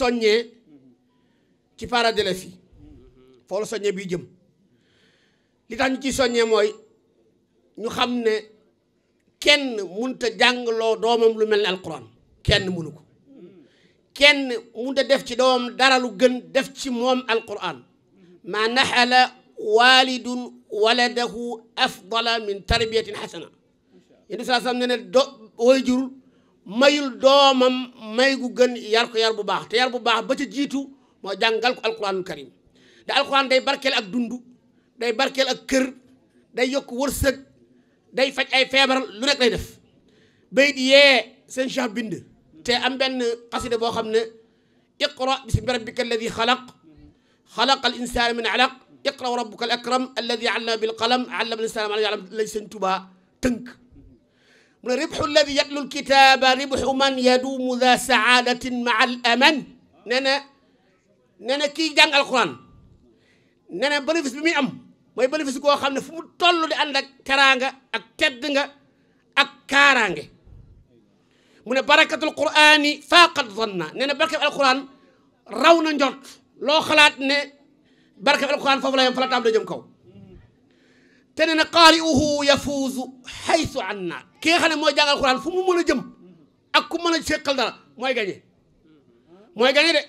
soññee ci parents la fi fo la soññee bi jëm li tax ñu ciy soññee mooy ñu xamné kenn munta jang lo domam lu melni alquran kenn mënu ko kenn munta def ci doomam dara lu gën def ci mom alquran ma nahala walidun waladahu afdala min tarbiyatin xasana yéen saa sam ne ne do way mayul domam may gu gën yar ko yar bu baax te yar bu baax ba ci jitu mo jàngal ko alquranul karim da alquran day barkel ak dundu day barkel ak kër day yok wërsëg day fajj ay febar lu rek lay def bayit ye sen cheikh bind te am ben qasida bo xamne iqra bismi rabbikal ladhi khalaq xalaqa al insana min alaq iqra rabbukal akram alladhi allama bil qalam allama al insana ma lam ya'lam laysa tuba teunk ربح الذي يتلو الكتاب ربح من يدوم ذا سعادة مع الأمن نانا نانا كي جان القرآن نانا بنفس بمي أم موي بنفس كو خامن فمو تولو دي عندك ترانغا أك تدنغا أك كارانغي من بركة القرآن فاقت ظنا نانا بركة القرآن رونا نجوت لو خلات نه بركة القرآن فولا ينفلت عبد جمكو تننا قارئه يفوز حيث عنا ki nga xam ne mooy jàng alxuraan fu mu mën a jëm ak ku mën a seqal dara mooy gañe mooy gañe de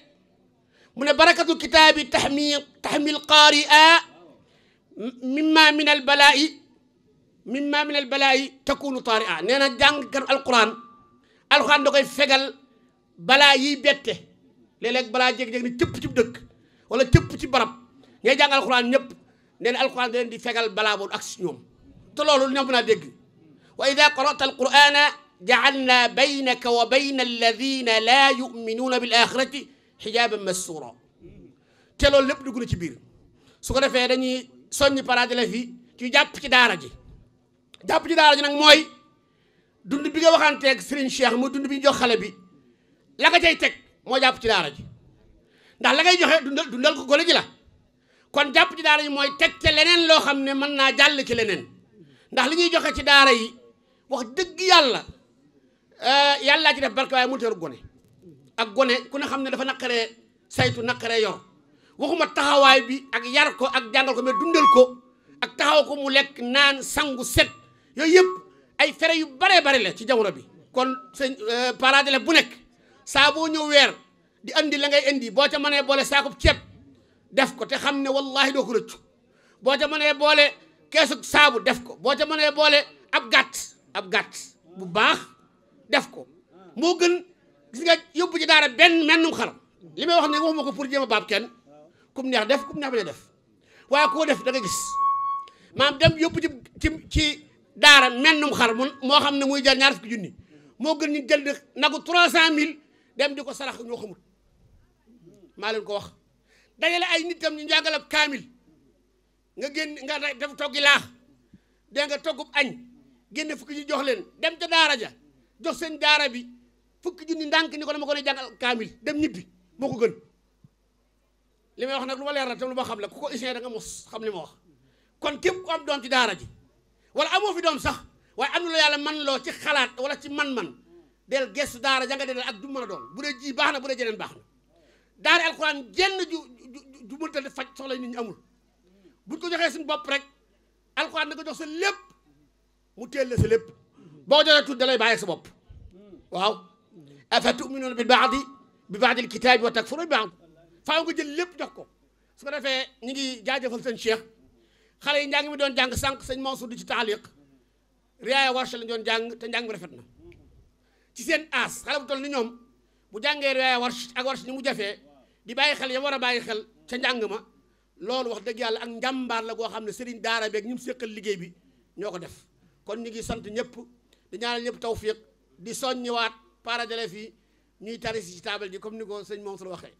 mu ne barakatu kitaabi taxmi taxmil qaaria mimma min al balaa'i mimma min al balaa'i takunu taaria nee na jàngkat alxuraan alxuraan da koy fegal balaa yiy bette léeg-léeg balaa jéeg-jéeg ni cëpp ci dëkk wala cëpp ci barab ñay jàng alxuraan ñëpp nee na alxuraan da leen di fegal balaa boobu ak si ñoom te loolu ñoom naa dégg وإذا قرأت القرآن جعلنا بينك وبين الذين لا يؤمنون بالآخرة حجابا مسورا كلو لب نقول كبير سكرة فيرني سني برادلة في كي جاب كي دارجي جاب كي دارجي نعم موي دون بيجا وكان تك سرين شيخ مو دون بيجا خلبي لقى جاي تك مو جاب كي دارجي دا لقى جاي دون دون لقى قولي جلا كون جاب كي دارجي تك كلنن لو خم نمنا جال كلنن دا لقى جاي كي دارجي wax dëgg yàlla eh, yàllaa ci def barke waaye mënut a yor gone ak gone ku ne xam ne dafa naqaree saytu naqare yor waxuma taxawaay bi ak yar ko ak jàngal ko mais dundal ko ak taxaw ko mu lekk naan sangu set yooyu yëpp ay fere yu baree bare la ci jamono bi kon sëñ eh, parent bu nekk saa boo ñëw weer di indi la ngay indi boo ca mënee boole saakub ceeb def ko te xam ne wallahi doo ko rëccu boo ca mënee boole keesug saabu def ko boo ca mënee boole ab gàtt ab gàtt bu baax def ko moo gën gis nga yóbbu ci daara benn mennum xalam li may wax ne waxuma ko pour jéem a baab kenn kum def kum neex bañ def waaye koo def da gis maam dem yóbbu ci ci daara mennum xar mu moo xam ne muy jar ñaar fukki junni moo gën ñu jël nagu trois cent mille dem di ko sarax ñoo xamul maa leen ko wax dajale ay nit tam ñu njàngalab kaamil nga génn nga def toggi laax nga toggub añ génne fukki ñu jox leen dem ca daara ja jox seen daara bi fukki junni ndànk ni ko dama ko lay jàngal kaamil dem ñibbi moo ko gën li may wax nag lu ma leer na tam lu ma xam la ku ko da nga mos xam li ma wax kon képp ku am doom ci daara ji wala amoo fi doom sax waaye am na la yàlla man loo ci xalaat wala ci man-man del gestu daara ja nga del ak du mën a doon bu dee ji baax na bu dee jeneen baax na daara alxuraan jenn ju ju mënta faj soxla nit ñi amul buñ ko joxee suñu bopp rek alxuraan na ko jox lépp mu teel la sa lépp boo doonatut da lay bàyyi sa bopp waaw afa tuminuuna bi baadi bi baadil kitaabi wa takfuruuna bi baad faaw nga jël lépp jox ko su ko defee ñu ngi jaajëfal seen cheikh xale yi njàng mi doon jàng sànq sëñ Mansour di ci taaliq riyaaya warsha lañ doon jàng te njàng mi rafet na ci seen aas xale bu toll ni ñoom bu jàngee riyaaya warsha ak warsha ni mu jafee di bàyyi xel ya war a bàyyi xel ca njàng ma loolu wax dëgg yàlla ak njàmbaar la goo xam ne sëriñ daara beeg ñum séqal liggéey bi ñoo ko def kon ñu ngi sant ñëpp di ñaanal ñëpp tawfiq di soññiwaat parents d'élèves fii ñuy tari si ci taabal ji comme ni ko sëñ Mansour waxee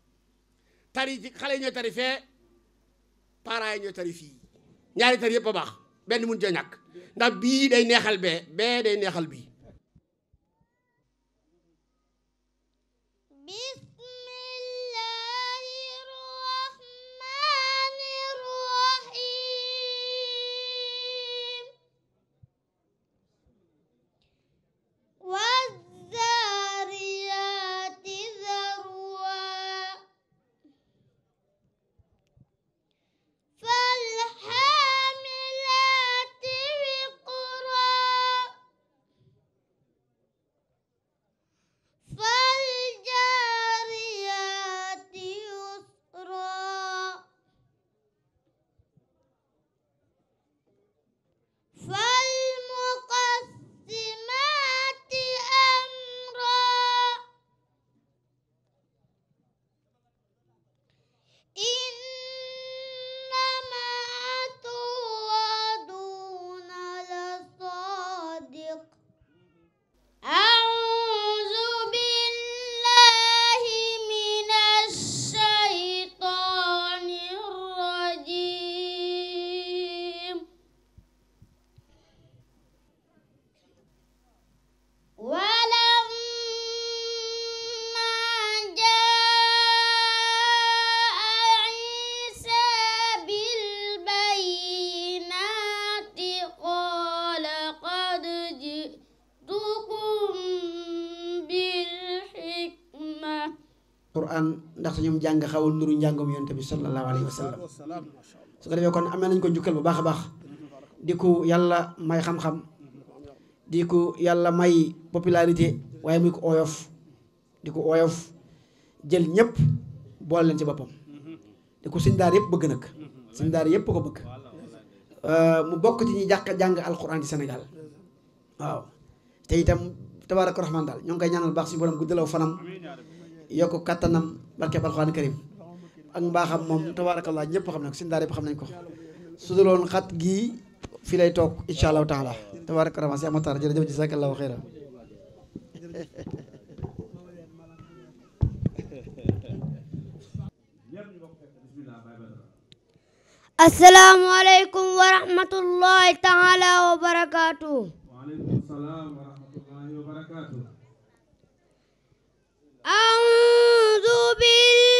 tari xale yi ñooy tari fee parents yi ñooy tari fii ñaari tari yëpp a baax benn mun cee ñàkk ndax bii day neexal bee bee day neexal bii alquran ndax suñu jang xaw a nuru njàngum yonte bi sallallahu Alaihi Wasallam. su ko defé kon amé nañ ko njukkal bu baax a baax diku yalla may xam-xam diku yalla may popularité waye muy ko oyof diku oyof jël ñëpp bol leen ci bopam di ko suñ daar yépp bëgg nak suñ daar yépp ko bëgg euh, mu bokk ci ñi jakk jang alquran ci Sénégal waaw te itam tabarak rahman dal ñong kay ñaanal bax suñu borom guddalaw fanam yokk katanam barke alquran karim ak mbaxam mom tabarakallah ñepp xam nak ko seen daara xam nañ ko su dul woon fi lay tok inshallah taala tabarakallah si amatar jërëjëf jazakallahu xeyran asalaamaaleykum wa warahmatullahi taala wabarakatuh. 啊，朱碧。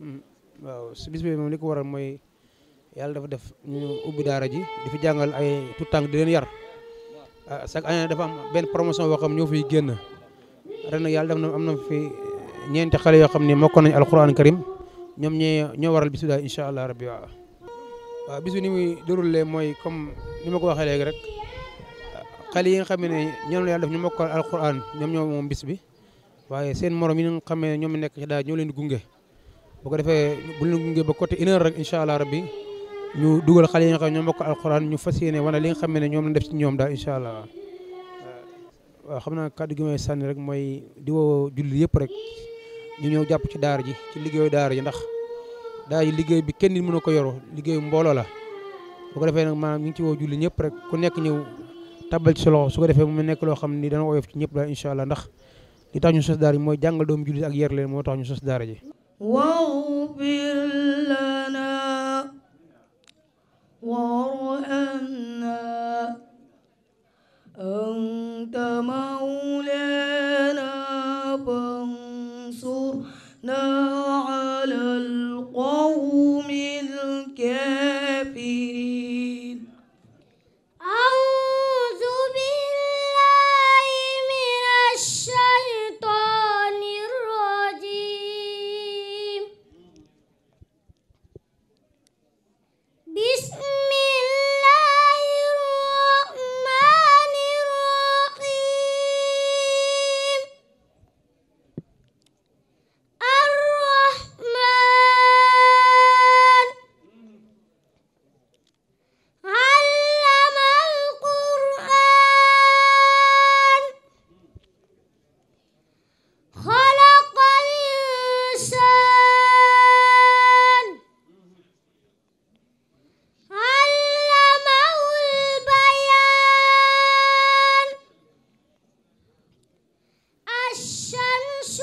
Mm, waaw su bis bi moom li ko waral mooy yàlla dafa def ñu ubbi daara ji di fi ay tout tànk di leen yar ah, chaque année dafa am benn promotion boo xam ñoo fiy génn ren nag yàlla def fi ñeenti xale yoo xam ne mokkoon nañu alquran karim ñoom ñee ñoo waral bis bi daal allah rabbi waaw waaw bis bi ni muy déroulé mooy comme ni ma ko waxee léegi rek xale yi nga xam ne ñoom la yàlla ñu mokkoon alquran ñoom ñoo moom bis bi waaye seen morom yi nga xam ne ñoom ci daal ñoo leen bu ko defee bu ñu gunge ba côté une heure rek incha allah rabbi ñu dugal xale yi nga xam ñoom bokk alxuraan ñu fas yéene wane li nga ne ñoom lañ def ci ñoom daal incha allah waaw xam naa kàddu gi may sànni rek mooy di woo julli yëpp rek ñu ñëw jàpp ci daar ji ci liggéeyu daara ji ndax daa ji liggéey bi kenn nit mënu ko yoru liggéeyu mbooloo la bu ko defee nag maanaam ñu ngi ci woo julli ñëpp rek ku nekk ñëw tabal ci sa ko defee mu nekk loo xam ni dana woyof ci ñëpp daal incha allah ndax li tax ñu mooy jàngal julli ak yar leen moo tax ñu sos daara واغفر لنا وارحمنا أنت مولانا فانصرنا 神树。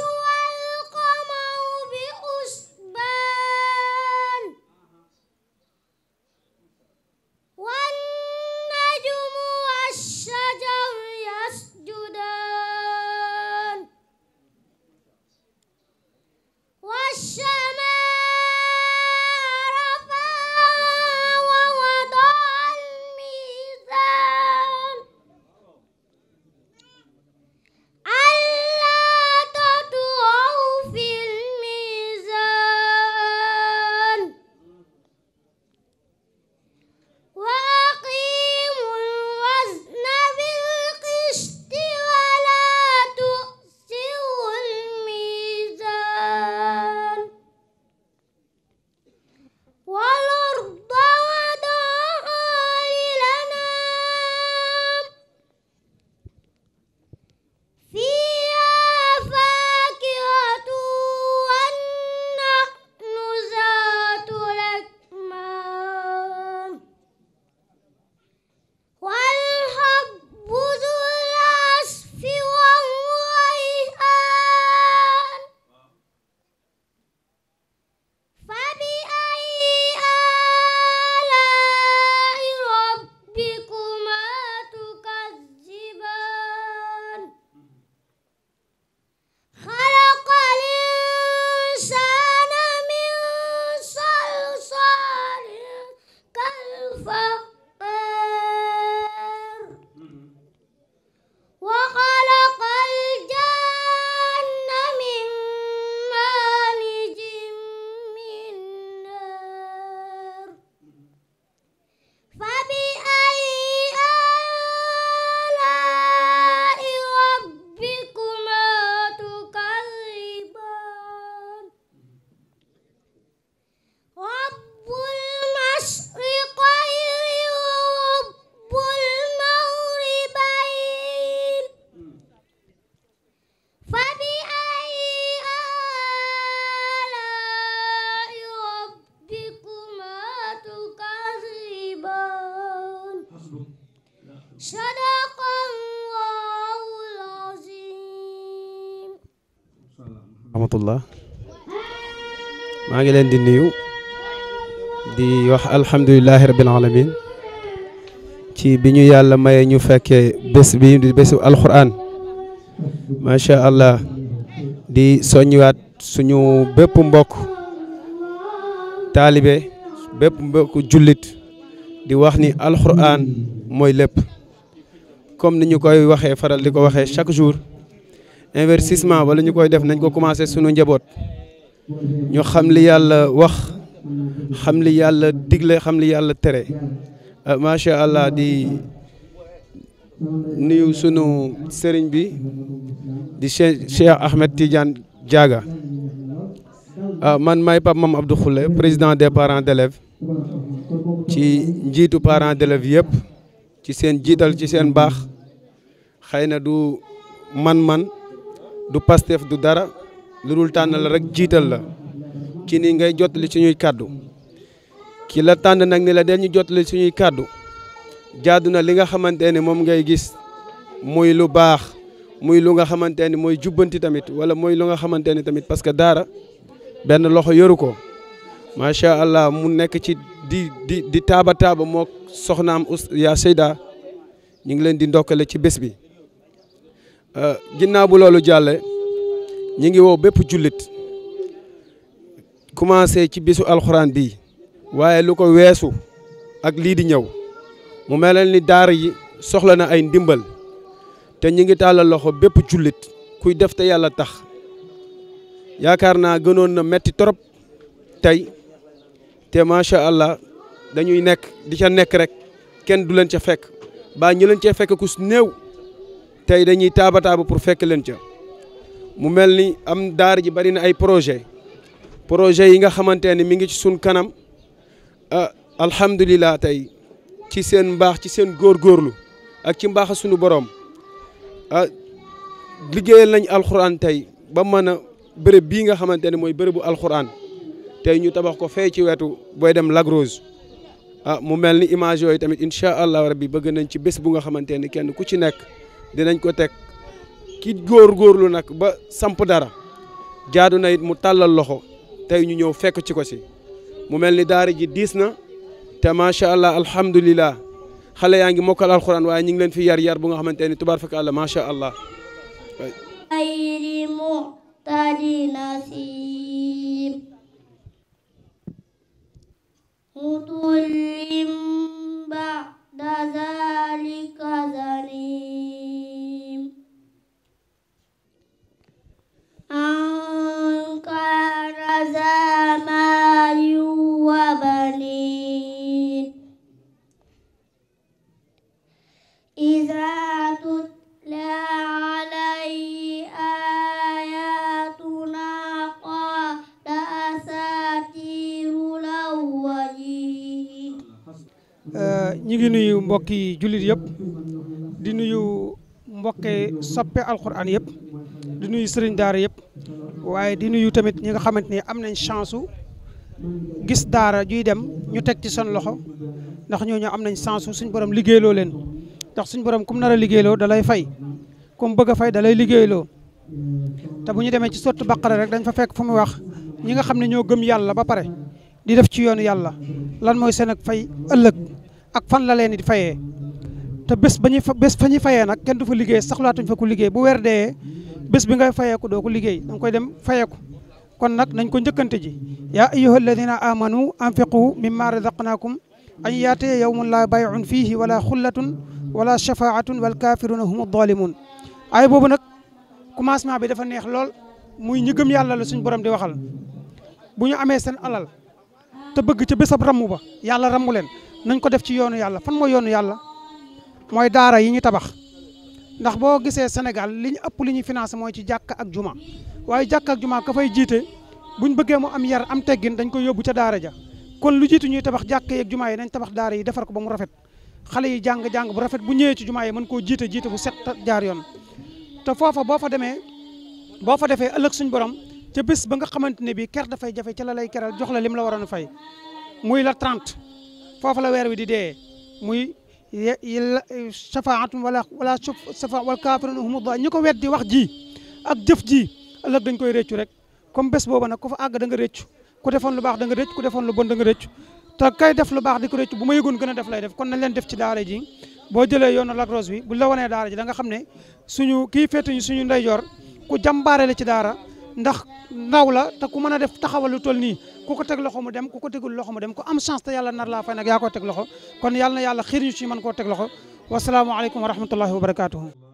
الله ما جلنا دي نيو دي الحمد لله رب العالمين كي بنيو يالله ما ينيو فك بس بيم بس القرآن ما شاء الله دي سنوات سنو بيبم بوك طالبة بيبم بوك جلد دي وحني القرآن مويلب كم نيو كوي وحه فرال دي كوي شاك جور investissement wala ñu koy def nañ ko commencé sunu njaboot ñu xam li yàlla wax xam li yàlla digle xam li yàlla tere euh, macha allah di nuyu sunu sëriñ bi di Cheikh Cheikh Ahmed Tidiane jaaga euh, man may Pape Mame Abdou Khoule président de parent d'élèves ci njiitu parent d'élèves yëpp ci seen jiital ci seen baax xëy na du man-man du Pastef du dara lu dul tànn la rek jiital la ci ni ngay jottali suñuy kàddu ki la tànn nag ni la den ñu jottali suñuy kàddu jaadu na li nga xamante ne moom ngay gis muy lu baax muy lu nga xamante ni mooy jubbanti tamit wala muy lu nga xamante ne tamit parce que daara benn loxo yoru ko macha allah mu nekk ci di di di taaba taaba moo soxnaam us yaa Seyda ñu ngi leen di ndokkale ci bés bi. Euh, ginnaaw bu loolu jàlle ñi ngi woo bépp jullit commencé ci bisu alxuraan bi waaye lu ko weesu ak lii di ñëw mu mel ni daara yi soxla na ay ndimbal te ñi ngi tàllal loxo bépp jullit kuy def te yàlla tax yaakaar naa gënoon na metti trop tey te macha allah dañuy nekk di ca nekk rek kenn du leen ca fekk baa ñu leen cee fekk ku néew. Tay dañuy bu pour fekk len ci mu melni am daara ji bari na ay projet projet yi nga xamanteni mi ngi ci sun kanam ah, alhamdullilah tay ci seen bax ci seen gorlu ak ci mbax suñu borom euh liggéeyal nañ alquran tay ba meuna a bi nga xamanteni moy mooy bërëbu alxuraan ñu tabax ko fe ci wetu boy dem lagrose ah mu melni image yoy tamit inshallah allah rabbi bëgg nañ ci bës bu nga xamanteni kenn ku ci nekk dinañ ko tek ki luna, nak ba samp dara jaadu na mu talal loxo tay ñu ñew fekk ci ko ci mu melni daara ji disna ta ma sha allah alhamdullilah xale yaangi mokal alquran way ñing leen fi yar yar bu nga xamanteni ni tubaar fekk allah ذلك ظليم أنكر ذا مال وبنين إذا تتلى ñu ngi nuyu mbokki jullit yëpp di nuyu mbokki soppe alxuraan yëpp di nuyu sëriñ daara yëpp waaye di nuyu tamit ñi nga xamante ni am nañ chance gis daara juy dem ñu teg ci seen loxo ndax ñoo ñooñu am nañ chance suñ borom liggéeyloo leen ndax suñ borom kum nar a liggéeyloo da fay kum bëgg fay dalay lay liggéeyloo te bu ñu demee ci sotti baqara rek dañ fa fekk fu mu wax ñi nga xam ne ñoo gëm yàlla ba pare di def ci yoonu yàlla lan mooy seen ak fay ëllëg. ak fan la leen di fayee te bés bañu bés fañu fayé nak kèn du fa liggéey saxlaatuñ fa ku liggéey bu wër dé bés bi ngay ko do ko liggéey dang koy dem ko kon nak nañ ko ñëkënte ji ya ayyuhal ladhina amanu anfiqu mimma razaqnakum an yaatee yawmun la bay'un fihi wala khullatun wala shafaatun wal kafiruna hum adh-dhalimun ay bobu nak commencement bi dafa neex lool muy ñëgëm yàlla la suñu borom di waxal buñu amé sen alal te bëgg ci bésab ramu ba yàlla ramu len nañ ko def ci yoonu yàlla fan mooy yoonu yàlla mooy daara yi ñu tabax ndax boo gisee Sénégal li ñu ëpp li ñuy financé mooy ci jàkk ak juma waaye jàkk ak juma ka fay jiite buñ bëggee mu am yar am teggin dañ koy yóbbu ca daara ja kon lu jiitu ñuy tabax jàkk yeeg juma yi nañ tabax daara yi defar ko ba mu rafet xale yi jàng-jàng bu rafet bu ñëwee ci jumaa yi mën koo jiite jiite bu set jaar yoon te foofa boo fa demee boo fa defee ëllëg suñ borom ca bés ba nga xamante ne bii ker dafay jafe ca la lay keral jox la lim la waroon a fay muy foofu la weer wi di dee muy shafaatun wala wala safa wal kaafiruuna humu daalun ñu ko weddi wax ji ak jëf ji ëllëg dañ koy réccu rek comme bés booba nag ku fa àgg da nga réccu ku defoon lu baax da nga réccu ku defoon lu bon da nga réccu te kay def lu baax di ko réccu bu ma yëgoon gën a def lay def kon nañ leen def ci daara ji boo jëlee yoonu Lac Rose bi bu la wanee daara ji danga nga xam ne suñu kii féetuñu suñu ndeyjoor ku jàmbaare la ci daara ndax ndaw la te ku mën a def taxawal tol nii ku ko teg loxo mu dem ku ko tegul loxo mu dem ko am chance te yàlla nar laa fay nag yaa ko teg loxo kon yàlla na yàlla xiir ñu ci mën koo teg loxo wasalaamualeykum wa rahmatullahi wa